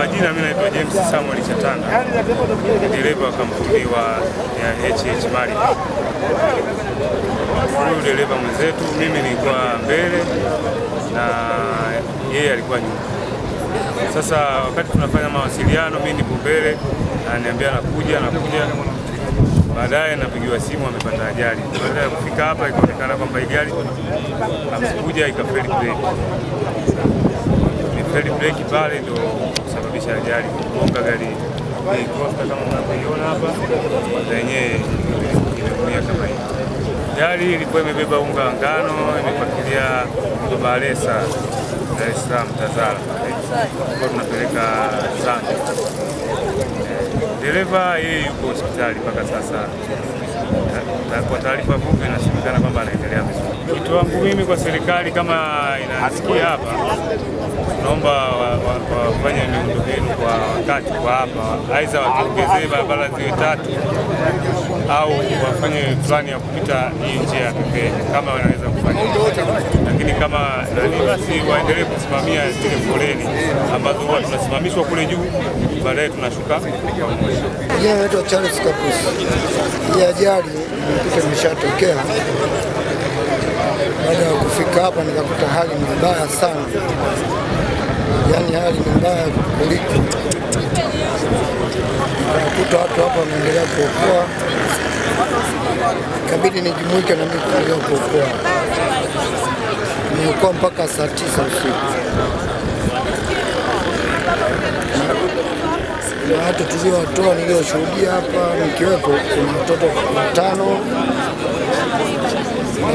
majina, mimi naitwa James Samuel Chatanda, dereva wa kampuni ya HH Mali. Huyu dereva mwenzetu, mimi nilikuwa mbele na yeye alikuwa nyuma. Sasa wakati tunafanya mawasiliano, mimi nipo mbele, ananiambia nakuja, nakuja baadaye napigiwa simu amepata ajali. Baada ya kufika hapa, ikaonekana kwamba gari amekuja ikafeli breki feli breki pale ndio kusababisha ajali, kugonga gari hii Costa kama unavyoiona hapa, na yenyewe imekulia kama hii. Gari ilikuwa imebeba unga wa ngano, imepakilia Baresa Dar es Salaam Tazara, kwa tunapeleka Zanzibar. Dereva yeye yuko hospitali mpaka sasa, na kwa taarifa fupi inasemekana kwamba anaendelea vizuri. Kitu wangu mimi kwa serikali kama inasikia hapa naomba wafanye miundo wa, miundombinu kwa wakati kwa hapa, aidha watuongezee barabara ziwe tatu au wafanye plani ya kupita hii njia ya pembeni kama wanaweza kufanya, lakini kama nani, basi waendelee kusimamia zile foleni ambazo huwa tunasimamishwa kule juu, baadaye tunashuka. Jina naitwa Charles Kapusi. Hii ajali mkuta imeshatokea baada ya kufika hapa nikakuta hali ni mbaya sana yani hali ni mbaya kuliko kuta watu hapa wanaendelea kuokoa, kabidi nijumuike na mimi kuendelea kuokoa. niokoa mpaka saa tisa usiku na watu tuliowatoa nilioshuhudia hapa nikiwepo, kuna watoto watano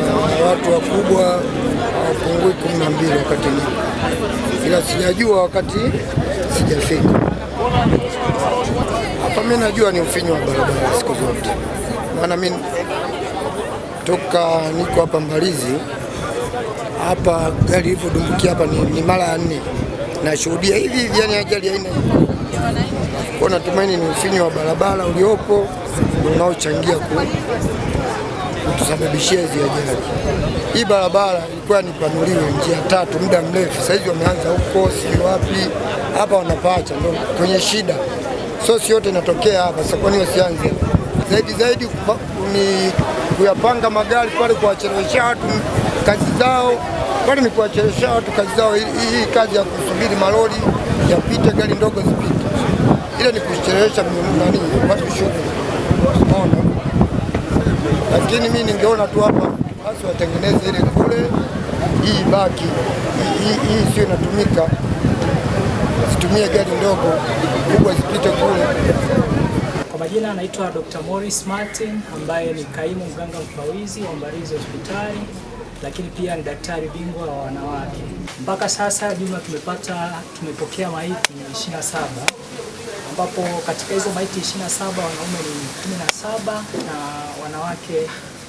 na watu wakubwa sijajua wakati sijafika hapa. mi najua ni ufinyu wa barabara siku zote, maana mi toka niko hapa Mbalizi hapa gari ilivyodumbukia hapa ni, ni mara ya nne nashuhudia hivi hivi, yani ajali aina kwa, natumaini ni ufinyu wa barabara uliopo unaochangia ku kutusababishia hizi ajali. Hii barabara ilikuwa ni panuliwe njia tatu muda mrefu, sasa hivi wameanza huko, si wapi hapa wanapacha, ndio kwenye shida. So si yote inatokea hapa, sasa kwa nini wasianze zaidi zaidi ni kuyapanga magari pale, kuwachelewesha watu kazi zao pale, ni kuwachelewesha watu kazi zao. Hii kazi ya kusubiri malori yapite, gari ndogo zipite, ile ni kuchelewesha nani watu shughuli lakini mimi ningeona tu hapa basi watengeneze ile kule, hii baki hii sio inatumika, situmie gari ndogo kubwa zipite kule. Kwa majina anaitwa Dr. Morris Martin ambaye ni kaimu mganga mfawizi wa Mbarizi hospitali lakini pia ni daktari bingwa wa wanawake. Mpaka sasa jumla tumepata tumepokea maiti 27 ambapo katika hizo maiti 27 wanaume ni 17 na wanawake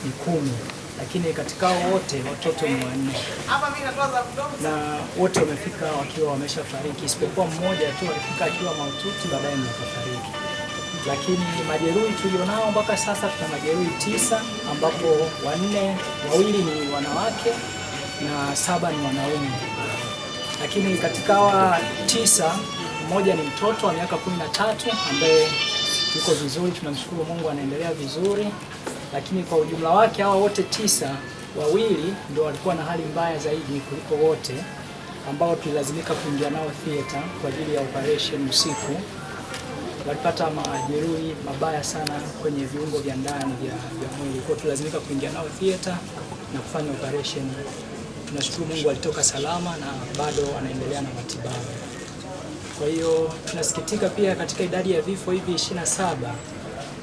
ni kumi, lakini katika hao wote watoto ni wanne na wote wamefika wakiwa wameshafariki, isipokuwa mmoja tu alifika akiwa mahututi, baadaye ndio akafariki. Lakini majeruhi tulionao mpaka sasa tuna majeruhi tisa, ambapo wanne wawili ni wanawake na saba ni wanaume, lakini katika hawa tisa mmoja ni mtoto wa miaka kumi na tatu ambaye yuko vizuri, tunamshukuru Mungu anaendelea vizuri, lakini kwa ujumla wake hawa wote tisa, wawili ndio walikuwa na hali mbaya zaidi kuliko wote ambao tulilazimika kuingia nao theater kwa ajili ya operation usiku. Walipata majeruhi mabaya sana kwenye viungo vya ndani vya mwili, kwa tulilazimika kuingia nao theater na kufanya operation. Tunashukuru Mungu alitoka salama na bado anaendelea na matibabu. Kwa hiyo tunasikitika pia katika idadi ya vifo hivi 27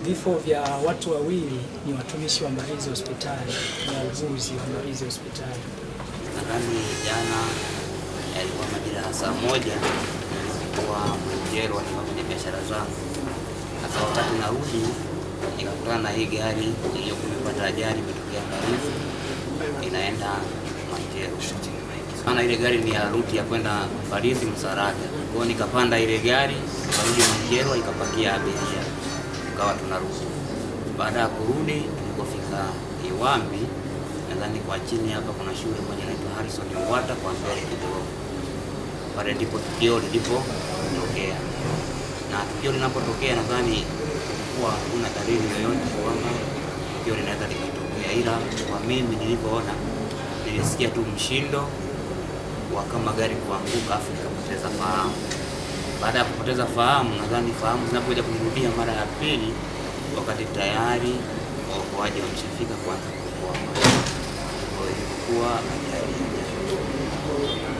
vifo vya watu wawili ni watumishi wa Mbalizi hospitali na wauguzi wa Mbalizi hospitali. Nadhani jana yalikuwa majira ya saa moja kuwa Mwenjerwa nikiwa kwenye biashara zao na saa tatu narudi nikakutana na hii gari iliyokuwa imepata ajali imetokea Mbalizi inaenda Mwenjerwa sana. Ile gari ni ya ruti ya kwenda Mbalizi Msaraja, kwa hiyo nikapanda ile gari nikarudi Mwangerwa, ikapakia abiria, tukawa tunarudi. Baada ya kurudi, tulipofika Iwambi, nadhani kwa chini hapa kuna shule moja inaitwa Harrison Ngwata, kwa mbele kidogo pale ndipo tukio lilipotokea, na tukio linapotokea, nadhani kulikuwa hakuna dalili yoyote kwamba tukio linaweza likatokea, ila kwa mimi nilipoona, nilisikia tu mshindo kwa kama gari kuanguka afu nikapoteza fahamu. Baada ya kupoteza fahamu, nadhani fahamu zinapokuja kunirudia mara ya pili, wakati tayari waokoaji wameshafika kuanza kuokoa maisha. Kwa hiyo ilikuwa ajali